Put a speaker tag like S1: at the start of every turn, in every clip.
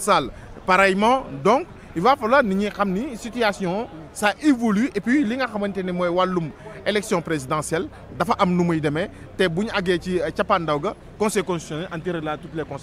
S1: Sall pareillement donc il va falloir nit ñi xam ni situation sa évolue et puis li nga xamante ne mooy wàllum élection présidentielle dafa am nu muy demee te bu ñu àggee ci euh, cappaandaw ga conseil constitutionnel en la toutes kon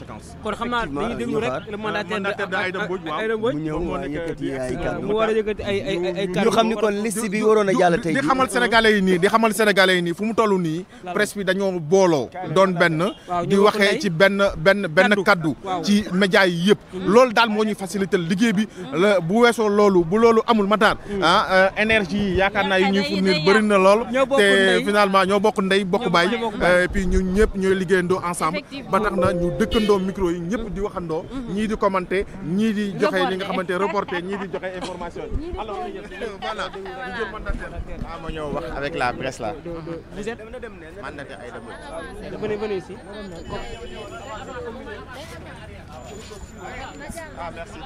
S1: xam naa dañuy déglu rek le mandataire de Aïda Mbodj waaw mu ñëw waa yëkkati ay kàddu mu war a yëkkati ay ñu xam ni kon liste bi waroon a jàll tey di xamal sénégalais yi nii di xamal sénégalais yi nii fu mu toll nii presse bi dañoo booloo doon benn di waxee ci benn benn benn kaddu ci média yi yëpp mm-hmm. loolu daal moo ñuy faciliter liggéey bi mm-hmm. la bu weesoo loolu bu loolu amul mataar mm-hmm. ah euh, énergie yi yaakaar naa yi ñuy fournir bëri na lool te finalement vraiment ñoo bokk ndey bokk euh, baay et puis ñun ñëpp ñooy liggéeyandoo ensemble ba tax na ñu dëkkandoo micro yi ñëpp di waxandoo mm-hmm. ñii di commenté ñii di joxe li nga xamante reporté ñii di joxe information yi alors voilà ñu jël mandataire ah ma ñëw dem venez venez ici ah merci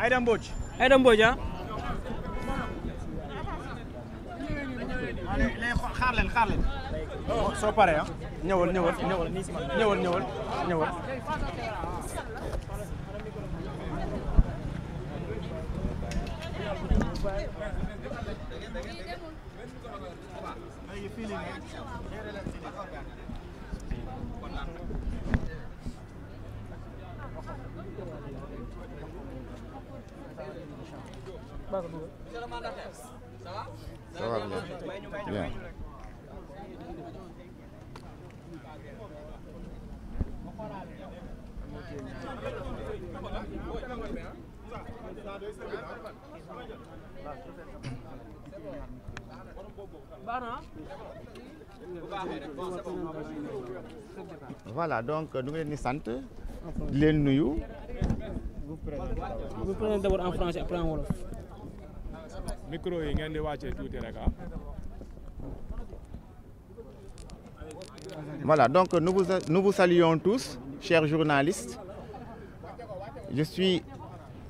S1: Aïda ah léegi léegi xaar leen xaar leen soo paree ah ñëwal ñëwal ñëwal ñëwal Ça va bien. Bien. voilà donc ñu ngi leen di sant di leen nuyu. vous prenez d'abord en français après en micro yi ngeen di wàccee ah. donc nous vous, nous vous saluons tous, chers journalistes. Je suis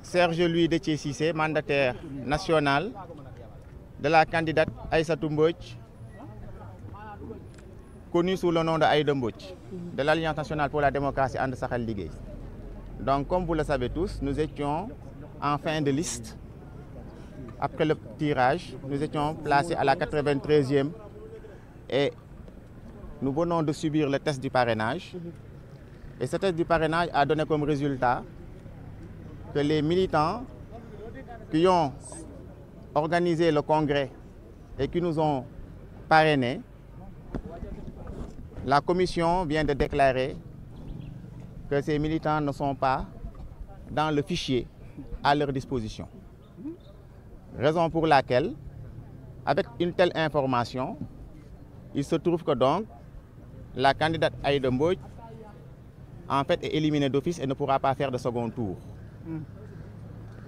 S1: Serge Louis Déthié Cissé, mandataire national de la candidate Aïssatou Mbodj, connue sous le nom de Aïda Mbodj, de l'Alliance nationale pour la démocratie And Sahel Ligue. Donc, comme vous le savez tous, nous étions en fin de liste Après le tirage, nous étions placés à la 93e et nous venons de subir le test du parrainage. Et ce test du parrainage a donné comme résultat que les militants qui ont organisé le congrès et qui nous ont parrainés, la commission vient de déclarer que ces militants ne sont pas dans le fichier à leur disposition. Raison pour laquelle, avec une telle information, il se trouve que donc la candidate Aïda Mbodj en fait est éliminée d'office et ne pourra pas faire de second tour. Hmm.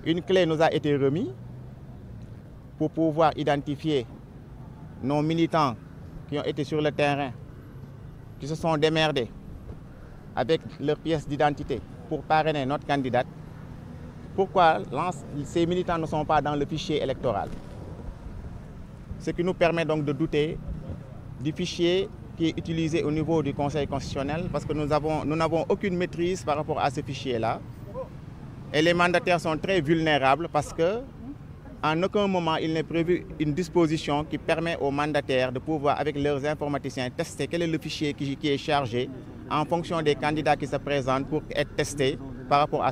S1: Une clé nous a été remise pour pouvoir identifier nos militants qui ont été sur le terrain, qui se sont démerdés avec leurs pièces d'identité pour parrainer notre candidate pourquoi ces militants ne sont pas dans le fichier électoral. Ce qui nous permet donc de douter du fichier qui est utilisé au niveau du Conseil constitutionnel parce que nous n'avons nous avons aucune maîtrise par rapport à ce fichier-là. Et les mandataires sont très vulnérables parce que en aucun moment il n'est prévu une disposition qui permet aux mandataires de pouvoir, avec leurs informaticiens, tester quel est le fichier qui, est chargé en fonction des candidats qui se pour être testés par rapport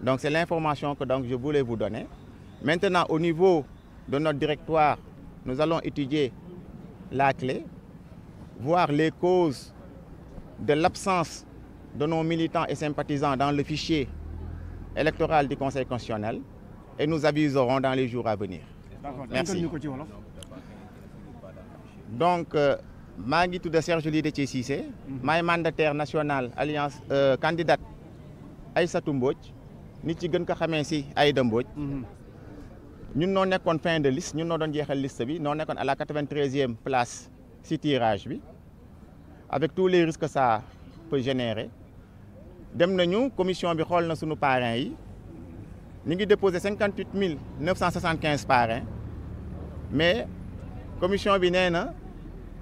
S1: Donc c'est l'information que donc, je voulais vous donner. Maintenant, au niveau de notre directoire, nous allons étudier la clé, voir les causes de l'absence de nos militants et sympathisants dans le fichier électoral du Conseil constitutionnel et nous aviserons dans les jours à venir. Donc, euh, maa ngi tudd Serge Lidéthié Cissé. Mhm. maay mandataire national alliance euh, candidate Aïssatou Mbodj. nit ci gën ko xamee si Aïda Mbodj ñun noo nekkoon fin de liste ñun noo doon jeexal liste bi noo nekkoon à la quatre-vingt-treizième place si tirage bi avec tous les risques saa ça peut générer dem nañu commission bi xool na suñu parrains yi ñu ngi déposé cinquante huit mille neuf cent soixante quinze parrains mais commission bi nee na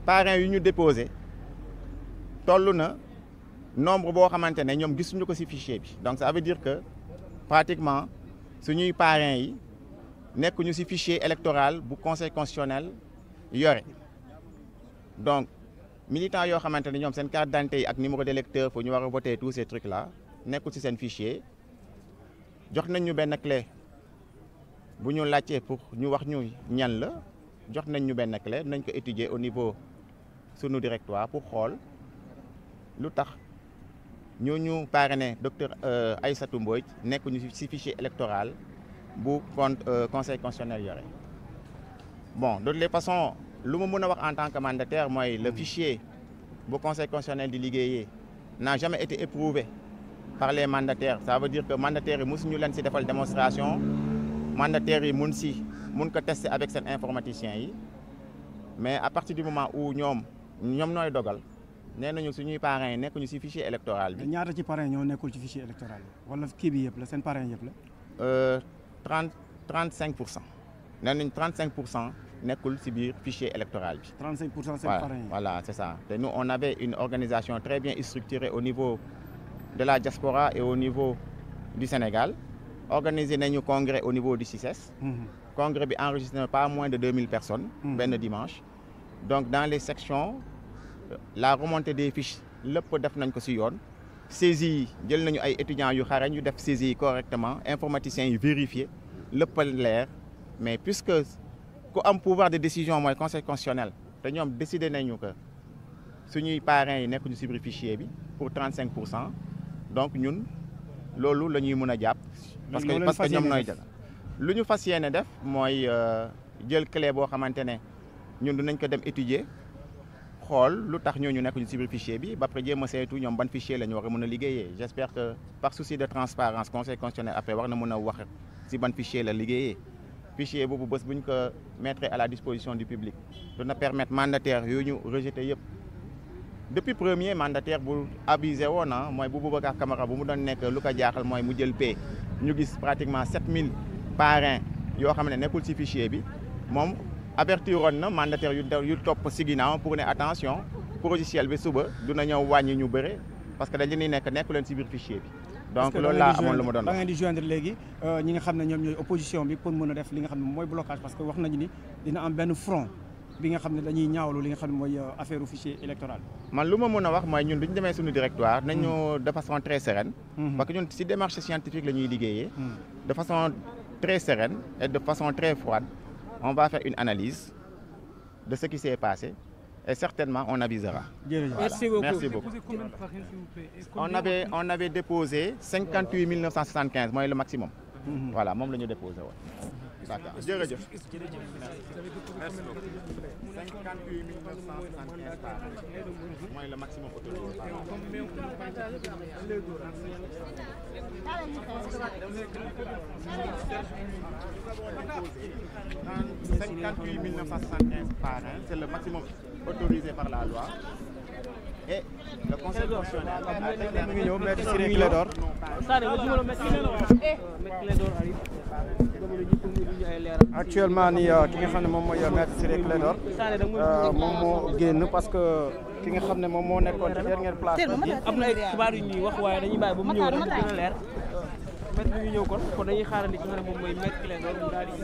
S1: parrains yu ñu déposé toll na nombre boo xamante ne ñoom gisuñu ko si fichier bi donc ça veut dire que pratiquement suñuy parrains yi nekkuñu si fichier électoral bu conseil constitutionnel yore donc militants yoo xamante ne ñoom seen carte d'identité yi ak numéro d'électeur fu ñu war a voter tous ces trucs la nekkul ci seen fichier jox nañ ñu benn clé bu ñu laajtee pour ñu wax ñu ñan la jox nañ ñu benn clé nañ ko étudier au niveau sunu directoire pour xool lu tax. ñu ñooñu parrainé docteur euh, Aïssatou Mbodj nekk ñu ci fichier électoral bu compte euh, conseil constitutionnel yore bon de toutes les lu ma mun a wax en tant que mandataire mooy le hmm. fichier bu conseil constitutionnel di liggéeyee n'a jamais été éprouvé par les mandataires ça veut dire que mandataires yi ñu leen ci defal démonstration mandataires yi mun si mun ko tester avec seen informaticiens yi mais à partir du moment où ñoom ñoom nooy dogal nee nañu suñuy parrains yi nekkuñu ci fichier électoral bi. ñaata ci parrains ñoo nekkul ci fichier électoral bi wala kii bi yëpp la seen parrains yëpp la. Euh, trente trente cinq pour cent nee nañ trente cinq pour cent nekkul ci biir fichier électoral bi. trente cinq pour cent seen parrains yi voilà c'est ça te nous on avait une organisation très bien structurée au niveau de la diaspora et au niveau du Sénégal organisé nañu congrès au niveau du CICES. E mhm. congrès bi enregistré pas moins de deux mille personnes. Mhm. benn dimanche donc dans les sections. la remontée des fiches lépp def nañ ko si yoon saisi yi jël nañu ay étudiants yu xarañ ñu def saisi yi correctement informaticiens yi vérifié lépp leer mais puisque ku am pouvoir de décision mooy conseil constitutionnel te ñoom décidé nañu que suñuy parrains yi nekkuñu ci biir fichier bi pour trent cinq pour cent donc ñun loolu la ñuy mën a jàpp. parce que parce ñoom nooy jël. lu ñu fas yéene def mooy euh, jël clé boo xamante ne ñun dinañ ko dem étudier. xool lu tax ñooñu nekkuñu ci biir bi ba après jéem a ñoom ban fichier la ñu war a mën a que par souci de transparence conseil constitutionnel après war na mën a wax ci ban fichier la liggéeyee fichier boobu bés bu ñu ko mettre à la disposition du public dina permettre mandataire yooyu ñu rejeté yëpp depuis premier mandataire bu abusé woon mooy bu Boubacar Camara bu mu doon nekk lu ko jaaxal mooy mu jël paie ñu gis pratiquement 7000 yoo xam avertir na mandataire yu yu topp si ginnaaw pour ne attention logiciel bi suba dina ñëw wàññi ñu bëre parce que dañu ni nekk nekku leen si biir fichier bi. donc loolu laa amoon lu ma doon da ngeen di joindre léegi euh, ñi nga xam ne ñoom ñooy opposition bi pour mën a def li nga xam ne mooy blocage parce que wax nañu ni dina am benn front bi nga xam ne dañuy ñaawlu li nga xam ne mooy euh, affaire fichier électoral. man lu ma mën a wax mooy ñun bi ñu demee suñu directoire nañu de façon très sereine. Mhm. parce que ñun si démarche mhm. de façon très sereine on va faire une analyse de ce qui s'est passé et certainement on avisera. Voilà. Merci beaucoup. Merci beaucoup. On avait on avait déposé 58 975 mooy le maximum. Mhm. voilà moom la ñu déposé woon. Saka jërëjëf. merci beaucoup. 58 975 par mooy le maximum autorisé par an. 58 975 par an, c'est le maximum autorisé par la loi. et le conseil constitutionnel a déclaré. actuellement ni euh, ki nga xam ne moom mooy euh, maître Ciré Clédor euh, moom moo génn parce que ki nga xam ne moom moo nekkoon ci dernière place am na ay xibaar yu ñuy wax waaye dañuy bàyyi ba mu ñëw rek dina leer maître bi ñu ñëw kon kon dañuy xaarandi ki moom mooy maître Clédor mu